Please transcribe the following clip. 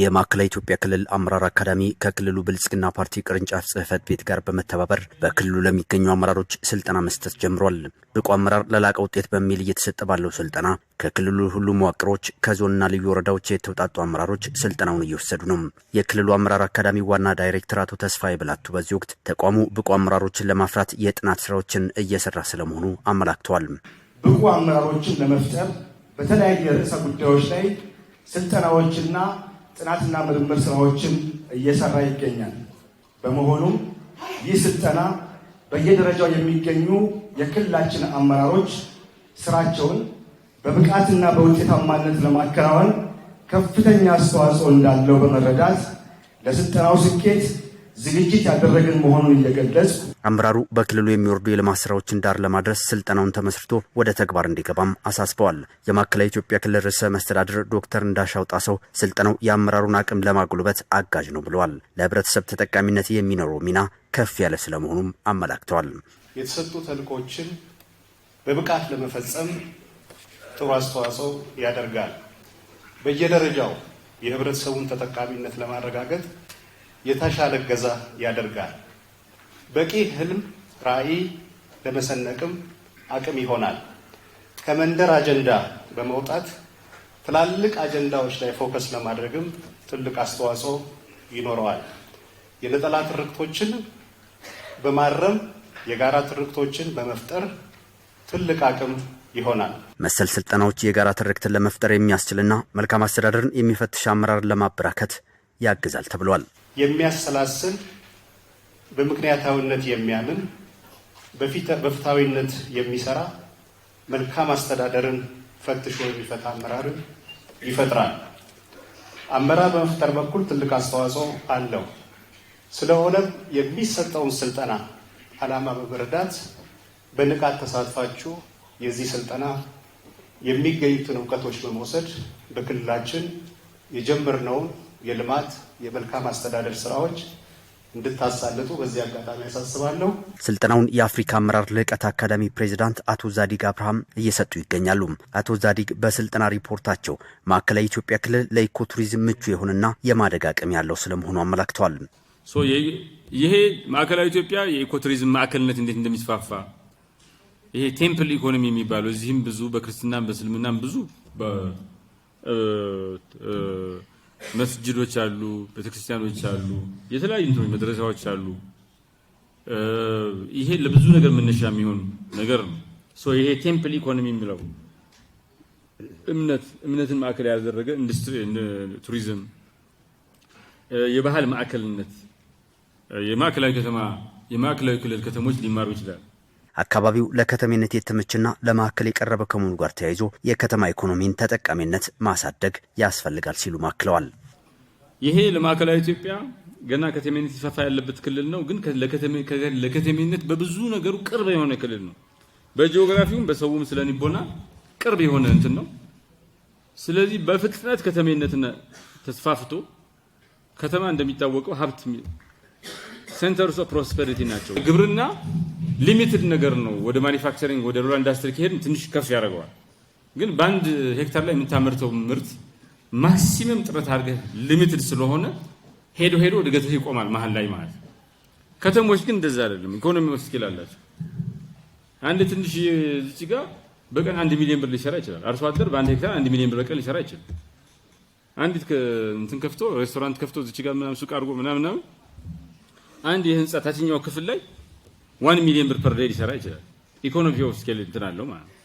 የማዕከላዊ ኢትዮጵያ ክልል አመራር አካዳሚ ከክልሉ ብልጽግና ፓርቲ ቅርንጫፍ ጽህፈት ቤት ጋር በመተባበር በክልሉ ለሚገኙ አመራሮች ስልጠና መስጠት ጀምሯል። ብቁ አመራር ለላቀ ውጤት በሚል እየተሰጠ ባለው ስልጠና ከክልሉ ሁሉ መዋቅሮች ከዞንና ልዩ ወረዳዎች የተውጣጡ አመራሮች ስልጠናውን እየወሰዱ ነው። የክልሉ አመራር አካዳሚ ዋና ዳይሬክተር አቶ ተስፋዬ ብላቱ በዚህ ወቅት ተቋሙ ብቁ አመራሮችን ለማፍራት የጥናት ስራዎችን እየሰራ ስለመሆኑ አመላክተዋል። ብቁ አመራሮችን ለመፍጠር በተለያየ ርዕሰ ጉዳዮች ላይ ስልጠናዎችና ጥናትና ምርምር ስራዎችን እየሰራ ይገኛል። በመሆኑም ይህ ስልጠና በየደረጃው የሚገኙ የክልላችን አመራሮች ስራቸውን በብቃትና በውጤታማነት ለማከናወን ከፍተኛ አስተዋጽኦ እንዳለው በመረዳት ለስልጠናው ስኬት ዝግጅት ያደረግን መሆኑን እየገለጽ አመራሩ በክልሉ የሚወርዱ የልማት ስራዎችን ዳር ለማድረስ ስልጠናውን ተመስርቶ ወደ ተግባር እንዲገባም አሳስበዋል። የማዕከላዊ ኢትዮጵያ ክልል ርዕሰ መስተዳድር ዶክተር እንዳሻው ጣሰው ስልጠናው የአመራሩን አቅም ለማጉልበት አጋዥ ነው ብለዋል። ለህብረተሰብ ተጠቃሚነት የሚኖረው ሚና ከፍ ያለ ስለመሆኑም አመላክተዋል። የተሰጡ ተልእኮችን በብቃት ለመፈጸም ጥሩ አስተዋጽኦ ያደርጋል። በየደረጃው የህብረተሰቡን ተጠቃሚነት ለማረጋገጥ የተሻለ እገዛ ያደርጋል። በቂ ህልም ራዕይ ለመሰነቅም አቅም ይሆናል። ከመንደር አጀንዳ በመውጣት ትላልቅ አጀንዳዎች ላይ ፎከስ ለማድረግም ትልቅ አስተዋጽኦ ይኖረዋል። የነጠላ ትርክቶችን በማረም የጋራ ትርክቶችን በመፍጠር ትልቅ አቅም ይሆናል። መሰል ስልጠናዎች የጋራ ትርክትን ለመፍጠር የሚያስችልና መልካም አስተዳደርን የሚፈትሽ አመራርን ለማበራከት ያግዛል ተብሏል። የሚያሰላስል በምክንያታዊነት የሚያምን በፍትሐዊነት የሚሰራ መልካም አስተዳደርን ፈትሾ የሚፈታ አመራርን ይፈጥራል። አመራር በመፍጠር በኩል ትልቅ አስተዋጽኦ አለው። ስለሆነም የሚሰጠውን ስልጠና ዓላማ በመረዳት በንቃት ተሳትፋችሁ የዚህ ስልጠና የሚገኙትን እውቀቶች በመውሰድ በክልላችን የጀመርነውን የልማት የመልካም አስተዳደር ስራዎች እንድታሳልጡ በዚህ አጋጣሚ ያሳስባለሁ። ስልጠናውን የአፍሪካ አመራር ልዕቀት አካዳሚ ፕሬዚዳንት አቶ ዛዲግ አብርሃም እየሰጡ ይገኛሉ። አቶ ዛዲግ በስልጠና ሪፖርታቸው ማዕከላዊ ኢትዮጵያ ክልል ለኢኮ ቱሪዝም ምቹ የሆነና የማደግ አቅም ያለው ስለመሆኑ አመላክተዋል። ይሄ ማዕከላዊ ኢትዮጵያ የኢኮ ቱሪዝም ማዕከልነት እንዴት እንደሚስፋፋ ይሄ ቴምፕል ኢኮኖሚ የሚባለው እዚህም ብዙ በክርስትናም በእስልምናም ብዙ መስጅዶች አሉ፣ ቤተክርስቲያኖች አሉ፣ የተለያዩ እንትኖች መድረሻዎች አሉ። ይሄ ለብዙ ነገር መነሻ የሚሆን ነገር ነው። ይሄ ቴምፕል ኢኮኖሚ የሚለው እምነት እምነትን ማዕከል ያደረገ ኢንዱስትሪ፣ ቱሪዝም፣ የባህል ማዕከልነት የማዕከላዊ ከተማ የማዕከላዊ ክልል ከተሞች ሊማሩ ይችላል። አካባቢው ለከተሜነት የተመችና ለማዕከል የቀረበ ከመሆኑ ጋር ተያይዞ የከተማ ኢኮኖሚን ተጠቃሚነት ማሳደግ ያስፈልጋል ሲሉ ማክለዋል። ይሄ ለማዕከላዊ ኢትዮጵያ ገና ከተሜነት ይፈፋ ያለበት ክልል ነው፣ ግን ለከተሜነት በብዙ ነገሩ ቅርብ የሆነ ክልል ነው። በጂኦግራፊውም በሰውም ስለ ቅርብ የሆነ እንትን ነው። ስለዚህ በፍጥነት ከተሜነት ተስፋፍቶ ከተማ እንደሚታወቀው ሀብት ሴንተርስ ኦፍ ፕሮስፐሪቲ ናቸው ግብርና ሊሚትድ ነገር ነው። ወደ ማኒፋክቸሪንግ ወደ ሩራል ኢንዱስትሪ ከሄድን ትንሽ ከፍ ያደርገዋል። ግን በአንድ ሄክታር ላይ የምታመርተው ምርት ማክሲመም ጥረት አድርገህ ሊሚትድ ስለሆነ ሄዶ ሄዶ እድገትህ ይቆማል መሀል ላይ ማለት ነው። ከተሞች ግን እንደዛ አይደለም። ኢኮኖሚ ስኪል አላቸው። አንድ ትንሽ እዚህ ጋር በቀን አንድ ሚሊዮን ብር ሊሰራ ይችላል። አርሶ አደር በአንድ ሄክታር አንድ ሚሊዮን ብር በቀን ሊሰራ ይችላል። አንዲት እንትን ከፍቶ ሬስቶራንት ከፍቶ እዚህ ጋር ምናምን ሱቅ አድርጎ ምናምን አንድ የህንፃ ታችኛው ክፍል ላይ ዋን ሚሊዮን ብር ፐር ዴይ ሊሰራ ይችላል። ኢኮኖሚ ኦፍ ስኬል እንትን አለው ማለት ነው።